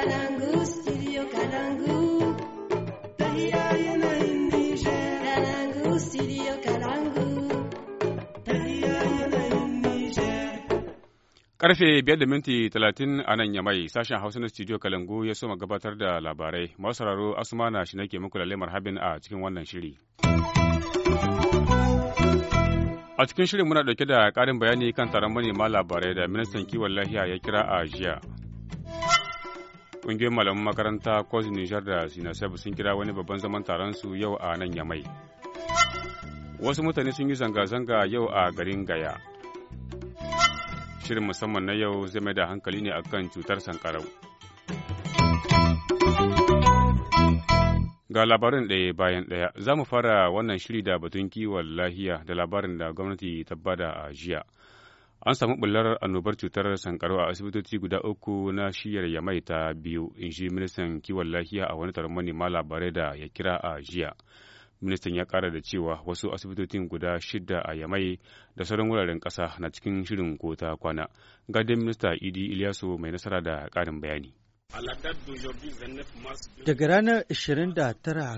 studio Karfe biyar da minti talatin a nan yamai sashen Hausa na studio Kalangu ya soma gabatar da labarai. Masu Asuma Asumana shi nake muku lalle marhabin a cikin wannan shiri. A cikin shirin muna dauke da ƙarin bayani kan taron manema labarai da ministan kiwon lafiya ya kira a jiya. Ƙungiyar malaman makaranta Kwazin Nijar da Sinasef sun kira wani babban zaman taron su yau a nan Yamai. Wasu mutane sun yi zanga-zanga yau a garin Gaya. Shirin musamman na yau zai mai da hankali ne akan cutar sankarau. Ga labarin ɗaya bayan ɗaya, za mu fara wannan shiri da batun kiwon lahiya da labarin da gwamnati ta bada a jiya. An samu bullar annobar cutar sankarau a asibitoci guda uku na shiyar Yamai ta biyu, in ji ministan kiwon lafiya a wani taron manema labarai da ya kira a jiya. Ministan ya kara da cewa wasu asibitocin guda shida a Yamai da sauran wuraren kasa na cikin shirin kota kwana. Gadin minista Idi Ilyasu mai nasara da ƙarin bayani. Daga ranar 29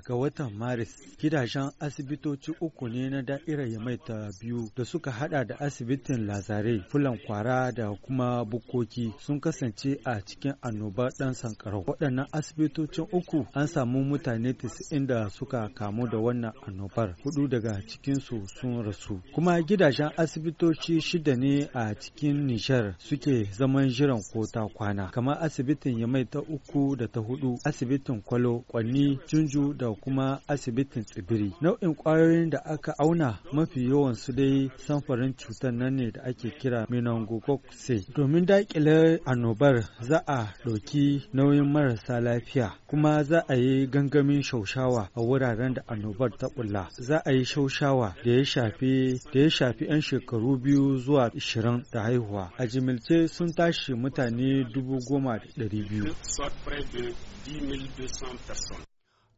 ga watan Maris, gidajen asibitoci uku ne na da'irar ta biyu da suka hada da asibitin Lazare, Fulan Kwara da kuma Bukoki sun kasance a cikin annoba ɗan sankarau. Waɗannan asibitocin uku an samu mutane 90 da suka kamu da wannan annobar, hudu daga cikinsu sun rasu. Kuma gidajen asibitoci shida ne a cikin Nijar suke zaman jiran kota kwana, kamar asibitin Yamaita mai ta uku da ta hudu asibitin kwalo kwanni junju da kuma asibitin tsibiri nau'in kwayoyin da aka auna mafi yawan su dai samfarin cutar nan ne da ake kira meningococci domin daƙile annobar za a ɗauki nauyin marasa lafiya kuma za a yi gangamin shaushawa a wuraren da annobar ta bulla za a yi shaushawa da ya shafi da ya shafi 'yan shekaru biyu zuwa 20 da haihuwa a jimilce sun tashi mutane dubu goma da ɗari biyu soit près de 10 200 personnes.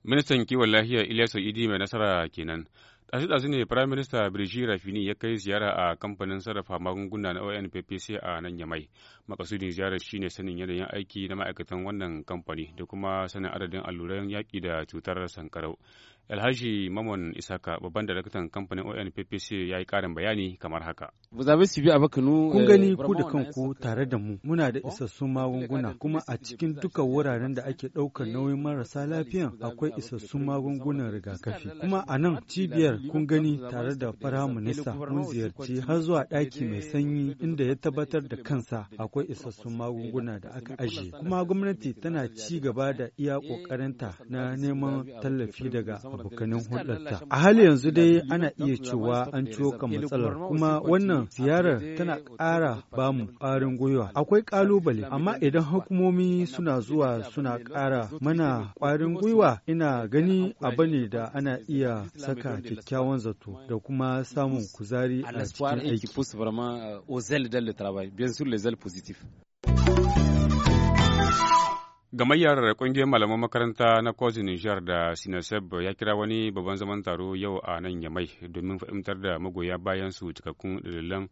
Ministan kiwon lafiya Ilyasu Idi mai nasara kenan. ɗazu-ɗazu ne Firayim Minista Birji Rafini ya kai ziyara a kamfanin sarrafa magunguna na ONPPC a nan Yamai. Makasudin ziyarar shine sanin yanayin aiki na ma'aikatan wannan kamfani da kuma sanin adadin alluran yaƙi da cutar sankarau. Alhaji Mamon Isaka babban daraktan kamfanin ONPPC ya yi ƙarin bayani kamar haka. Kun euh, gani ku da kanku tare da mu muna da isassun magunguna kuma a cikin duka wuraren da ake ɗaukar nauyin marasa lafiya akwai isassun magungunan rigakafi. Kuma a nan cibiyar kun gani tare da fara minista mun ziyarci har zuwa ɗaki mai sanyi inda ya tabbatar da kansa akwai isassun magunguna da aka ajiye. Kuma gwamnati tana ci gaba da iya ƙoƙarinta na neman tallafi daga abokanin hulɗarta. A hali yanzu dai ana iya cewa an ciwo kan matsalar kuma wannan ziyarar tana ƙara bamu ƙarin gwiwa. Akwai ƙalubale amma idan hukumomi suna zuwa suna ƙara mana ƙwarin gwiwa ina gani abu ne da ana iya saka kyakkyawan zato da kuma samun kuzari a cikin aiki. Euh, Gamayyar ƙungiyar malaman makaranta na kwazi Nijar da Sinaseb ya kira wani babban zaman taro yau a nan Yamai domin fahimtar da magoya bayan su cikakkun dalilan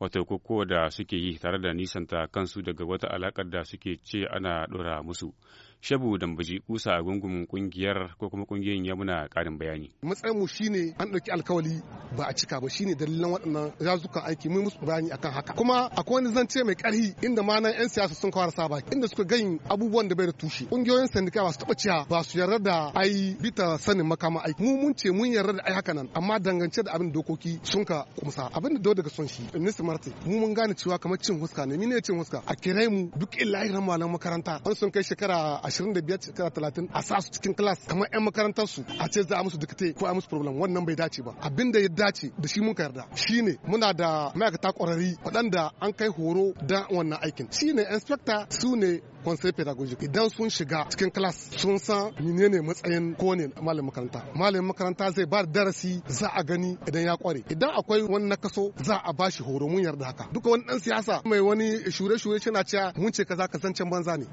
wata koko da suke yi tare da nisanta kansu daga wata alakar da suke ce ana ɗora musu. Shabu Dambaji kusa a gungun kungiyar ko kuma kungiyoyin ya muna karin bayani. Matsayin mu shine an ɗauki alkawali ba a cika ba shine dalilan waɗannan razukan aiki mun musu bayani akan haka. Kuma akwai wani zance mai ƙarfi inda ma nan 'yan siyasa sun kawar saba inda suka gayin abubuwan da bai da tushe. Kungiyoyin sandika ba su taɓa cewa ba su yarda da ai bita sanin makama aiki. Mu mun ce mun yarda da ai haka nan amma dangance da abin dokoki sun ka kumsa abin da dole daga son shi. Nisi Marti mu mun gane cewa kamar cin huska ne mine cin huska a kire mu duk illahi ran malaman makaranta an sun kai shekara 25 30 a sa su cikin class kamar 'yan makarantar su a ce za a musu dikte ko a musu problem wannan bai dace ba abin da ya dace da shi mun ka yarda ne muna da ma'aikata kwararri waɗanda an kai horo da wannan aikin shine inspector su ne conseil pédagogique idan sun shiga cikin class sun san menene matsayin ko ne malamin makaranta malamin makaranta zai ba da darasi za a gani idan ya kware idan akwai wani nakaso za a bashi horo mun yarda haka duka wani dan siyasa mai wani shure-shure yana cewa mun ce kaza kasancen banza ne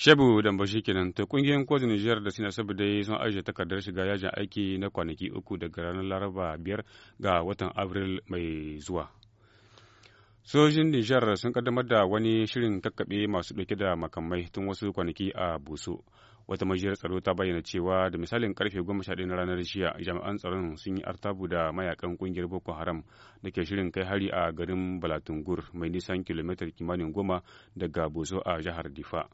Shebu bashi kenan to kungiyoyin kotun Nijar da suna saboda sun ajiye takardar shiga yajin aiki na kwanaki uku daga ranar Laraba biyar ga watan Abril mai zuwa. Sojin Nijar sun kaddamar da wani shirin kakkaɓe masu ɗauke da makamai tun wasu kwanaki a Buso. Wata majiyar tsaro ta bayyana cewa da misalin karfe goma sha na ranar jiya jami'an tsaron sun yi artabu da mayakan kungiyar Boko Haram da ke shirin kai hari a garin Balatungur mai nisan kilomita kimanin goma daga Buso a jihar Difa.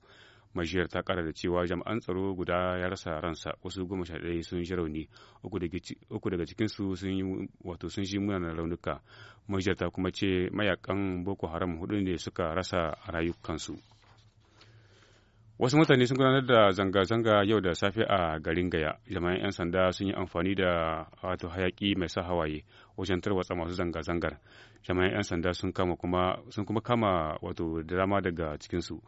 majiyar ta kara da cewa jami'an tsaro guda ya rasa ransa wasu goma sha ɗaya sun ji rauni uku daga cikinsu sun yi wato sun ji munanan raunuka majiyar ta kuma ce mayakan boko haram hudu ne suka rasa rayukansu wasu mutane sun gudanar da zanga-zanga yau da safe a garin gaya jama'an 'yan sanda sun yi amfani da wato hayaki mai sa hawaye wajen tarwatsa masu zanga-zangar jama'an 'yan sanda sun kama kuma kama wato da dama daga cikinsu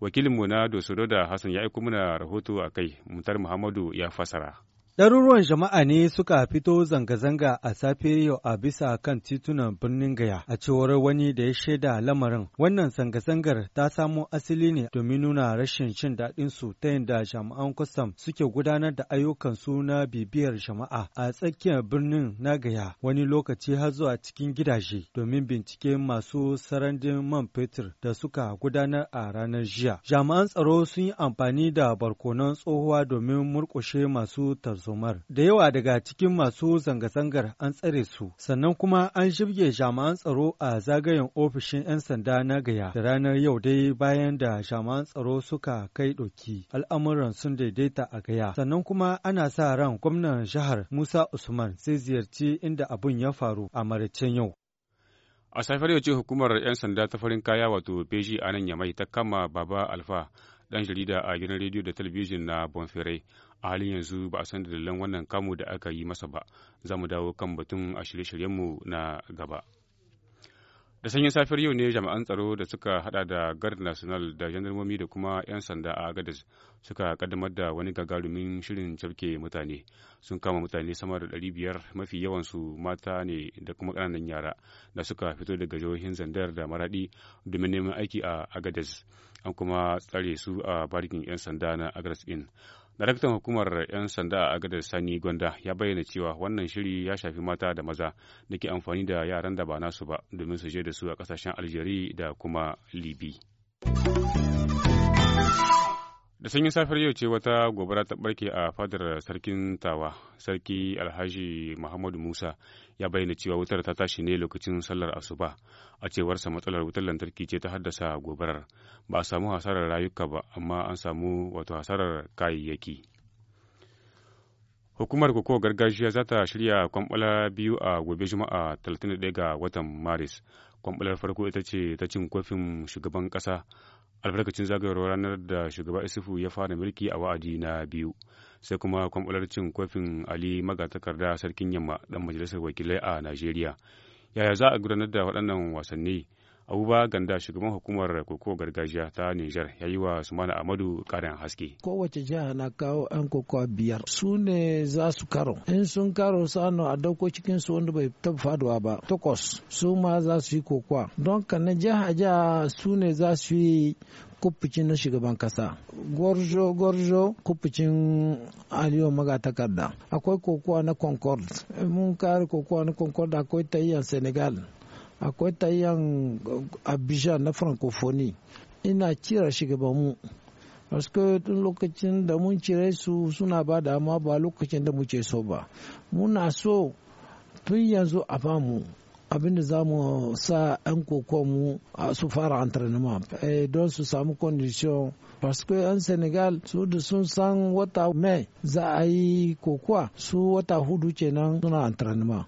wakilinmu na dosoro da hassan ya aiko mana rahoto a kai mutar muhammadu ya fasara Ɗaruruwan jama'a ne suka fito zanga-zanga a safe yau a bisa kan titunan birnin Gaya, a cewar wani da ya shaida lamarin. Wannan zanga-zangar ta samo asali ne domin nuna rashin cin daɗin su ta yadda jami'an kwastam suke gudanar da ayyukan su na bibiyar jama'a a tsakiyar birnin na Gaya, wani lokaci har zuwa cikin gidaje domin bincike masu sarandin man fetur da suka gudanar a ranar jiya. Jami'an tsaro sun yi amfani da barkonon tsohuwa domin murƙushe masu tarzoma. umar Da yawa daga cikin masu zanga-zangar an tsare su, sannan kuma an shirge jami'an tsaro a zagayen ofishin 'yan sanda na gaya da ranar yau dai bayan da jami'an tsaro suka kai ɗoki. Al'amuran sun daidaita a gaya. Sannan kuma ana sa ran gwamnan jihar Musa Usman sai ziyarci inda abun ya faru a maraicen yau. A safiyar yau ce hukumar 'yan sanda ta farin kaya wato beji a nan yamai ta kama Baba Alfa dan jarida a gidan rediyo da talabijin na Bonfire. a halin yanzu ba a san dalilan wannan kamu da aka yi masa ba za mu dawo kan batun a shirye-shiryenmu na gaba da sanyin safiyar yau ne jami'an tsaro da suka hada da guard national da jandarmomi da kuma 'yan sanda a agadas suka kaddamar da wani gagarumin shirin cafke mutane sun kama mutane sama da 500 mafi yawansu mata ne da kuma ƙananan yara da suka fito daga jihohin zandar da maradi domin neman aiki a agadas an kuma tsare su a barikin 'yan sanda na agadas in Daraktan hukumar 'yan sanda a agadar Sani Gwanda ya bayyana cewa wannan shiri ya shafi mata da maza da ke amfani da yaran da ba nasu ba domin su je da su a kasashen Algeria da kuma Libi. Da sanyin safiyar yau ce wata gobara ta barke a fadar sarkin tawa, sarki Alhaji Muhammadu Musa ya bayyana cewa wutar ta tashi ne lokacin sallar asuba a cewarsa matsalar wutar lantarki ce ta haddasa gobarar ba a samu hasarar rayuka ba amma an samu wato hasarar kayayyaki hukumar koko gargajiya za ta shirya kwamfala biyu a gobe juma'a 31 ga watan maris kwambular farko ita ce ta cin kofin shugaban kasa albarkacin zagayowar ranar da shugaba isufu ya fara mulki a wa'adi na biyu sai kuma kwambular cin kofin ali magatakarda sarkin yamma dan majalisar wakilai a najeriya yaya za a gudanar da waɗannan wasanni abuba ganda shugaban hukumar koko gargajiya ta nijar ya yi wa sumana amadu karin haske kowace jiha na kawo yan kokowa biyar su ne za su karo in sun karo sanu a dauko cikin su wanda bai taba faduwa ba takwas su ma za su yi kokowa don na jiha jiha su ne za su yi kufficin na shugaban kasa gorjo gorjo kufficin aliyu magatakarda akwai kokowa na concord mun kare kokowa na concord akwai ta iya senegal akwai tahiyan abisha na francophonie ina kira shugabanmu wasu tun lokacin da mun cire su suna ba da amma ba lokacin da muke so ba muna so tun yanzu a bamu abinda za mu sa 'yan mu su fara antrenema eh, don su samu condition parce que 'yan senegal su da sun san wata mai za a yi kokowa su wata hudu kenan suna antrenema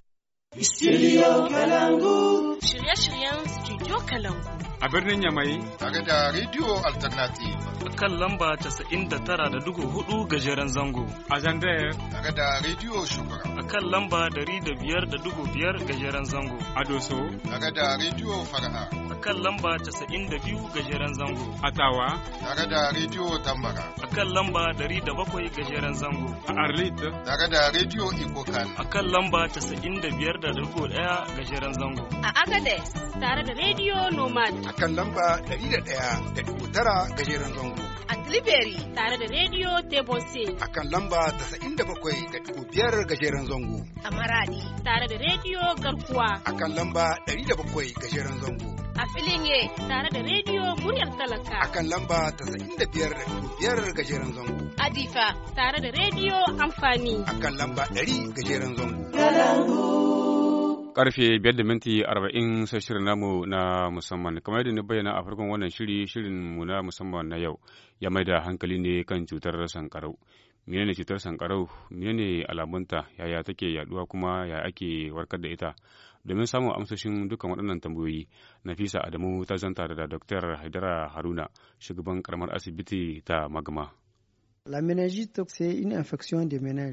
studio kalangu shirye-shiryen Studio Kalangu. A birnin Yamai. Tare da Radio Alternative. kan lamba 99.4 gajeren zango. A Zandaya. Daga da Radio Shugaba. A kan lamba 105.5 gajeren zango. A Doso. Daga da Radio a kan lamba 92 gajeren zango. a tawa. Daga da Radio Tambara. A kan lamba 107 gajeren zango. A Arlit. Daga da Radio Ikokan. A kan lamba 95.1 gajeren zango. A Agades. Tare da Radio Nomad. A kan lamba 101.9 gajeren zango. zango. A Tilbury tare da Radio Tebose. A kan lamba da bakwai biyar gajeren zango. A Maradi tare da Radio Garkuwa. A kan lamba da bakwai gajeren zango. A Filinge tare da Radio Muryar Talaka. A kan lamba da biyar gajeren zango. A Difa tare da Radio Amfani. A kan lamba 100 gajeren zango. Kalangu. Karfe biyar da minti arba'in sai shirin namu na musamman. Kamar yadda na bayyana a farkon wannan shiri, shirin mu na musamman na yau ya mai da hankali ne kan cutar sankarau. Menene cutar sankarau? Menene alamunta? Yaya take yaduwa kuma ya ake warkar da ita? Domin samun amsoshin dukkan waɗannan tambayoyi, Nafisa Adamu ta zanta da Dr. Haidara Haruna, shugaban karamar asibiti ta Magma.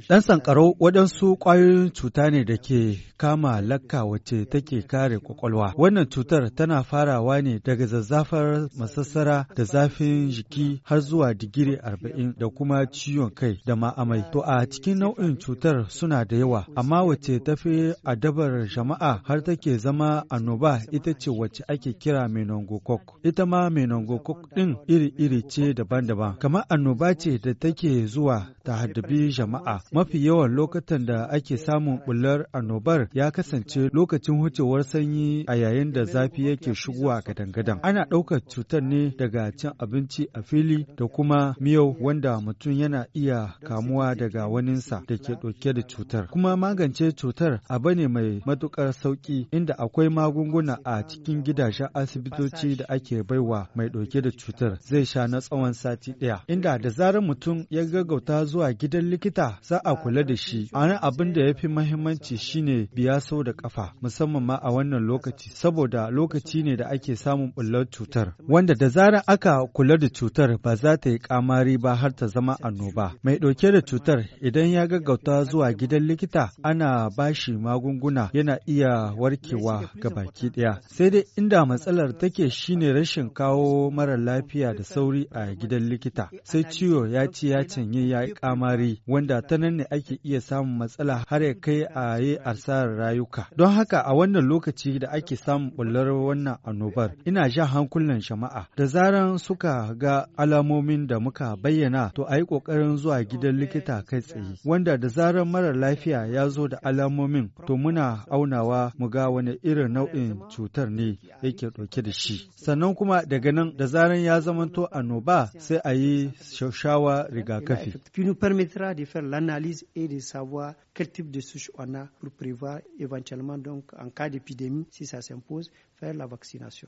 Ɗan sankaro waɗansu ƙwayoyin cuta ne da ke kama lakka wacce take kare kwakwalwa Wannan cutar tana farawa ne daga zazzafar masassara da zafin jiki har zuwa digiri arba'in da kuma ciwon kai da ma'amai. To a cikin nau'in cutar suna da yawa, amma wacce fi adabar jama'a har take zama annoba ita ce wacce ake kira meningococc. Ita ma meningococc ɗin iri-iri ce daban-daban, kamar annoba ce da ta take zuwa ta haddabi jama'a. Mafi yawan lokacin da ake samun bular annobar ya kasance lokacin hucewar sanyi a yayin da zafi yake shigowa gadan-gadan. Ana ɗaukar cutar ne daga cin abinci a fili da kuma miyau wanda mutum yana iya kamuwa daga waninsa da ke ɗauke da cutar. Kuma magance cutar abu ne mai matuƙar sauƙi inda akwai magunguna a cikin gidajen asibitoci da ake baiwa mai ɗauke da cutar zai sha na tsawon sati ɗaya. Inda da zarar mutum mutum ya gaggauta zuwa gidan likita za a kula da shi. ana abin da ya fi mahimmanci shine biya sau da kafa musamman ma a wannan lokaci saboda lokaci ne da ake samun bullar cutar wanda da zarar aka kula da cutar ba za ta yi kamari ba har ta zama annoba. Mai ɗauke da cutar idan ya gaggauta zuwa gidan likita ana bashi magunguna yana iya warkewa ga baki ɗaya. Sai dai inda matsalar take shine rashin kawo mara lafiya da sauri a gidan likita sai ciwo ya ciye-cinye ya yi kamari wanda ta nan ne ake iya samun matsala har ya kai a yi asarar rayuka. Don haka a wannan lokaci da ake samun bullar wannan annobar ina ja hankulan jama'a da zaran suka ga alamomin da muka bayyana to a yi ƙoƙarin zuwa gidan likita kai tsaye wanda da zaran marar lafiya ya zo da alamomin to muna aunawa mu ga wani irin nau'in cutar ne yake ɗauke da shi sannan kuma daga nan da zaran ya zamanto annoba sai a yi shaushawa rigakafi qui nous permettra de faire l'analyse et de savoir quel type de souche on a pour prévoir éventuellement donc en cas d'épidémie si ça s'impose faire la vaccination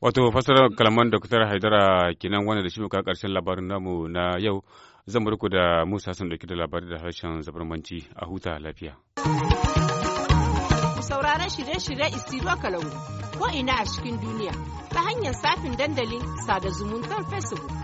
wato fasarar kalaman dr haidara kenan wanda da shi muka karshen labarin namu na yau zan bar da musa sun dauki da labarai da harshen zabarmanci a huta lafiya sauraron shirye-shirye isiro kalangu ko ina a cikin duniya ta hanyar safin dandalin sada zumuntar facebook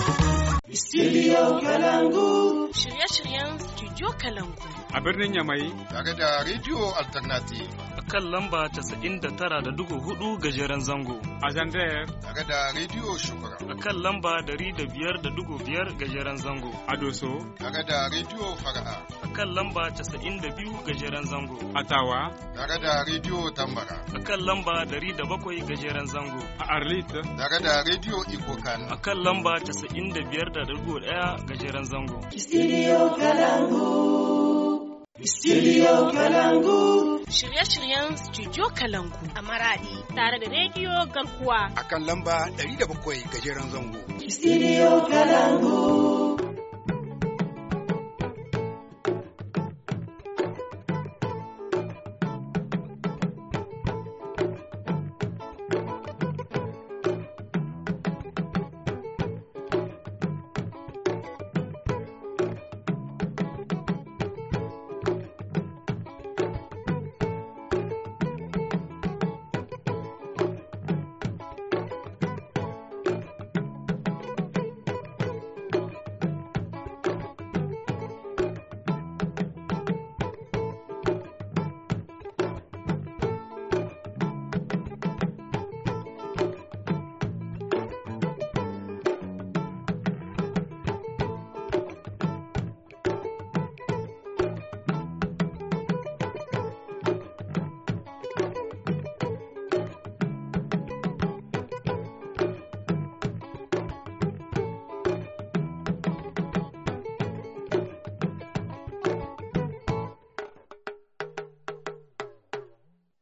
Studio Kalangu. Shirye-shiryen Studio Kalangu. A birnin Yamai. Tare da Radio Alternative. A kan lamba da tara da dugu hudu gajeren zango. A Zandayar. Tare da Radio Shukura. A kan lamba dari da biyar da dugu biyar gajeren zango. A Doso. Tare da Radio Fara'a. A kan lamba biyu gajeren zango. A Tawa. Tare da Radio Tambara. A kan lamba dari da bakwai gajeren zango. A arlita. Tare da Radio Ikokan. A kan lamba 95 9.1 gajeren zango. Studio Kalangu. Studio shirye-shiryen studio kalangu a maradi tare da rediyo garkuwa a kan lamba 107 gajeren zango studio kalangu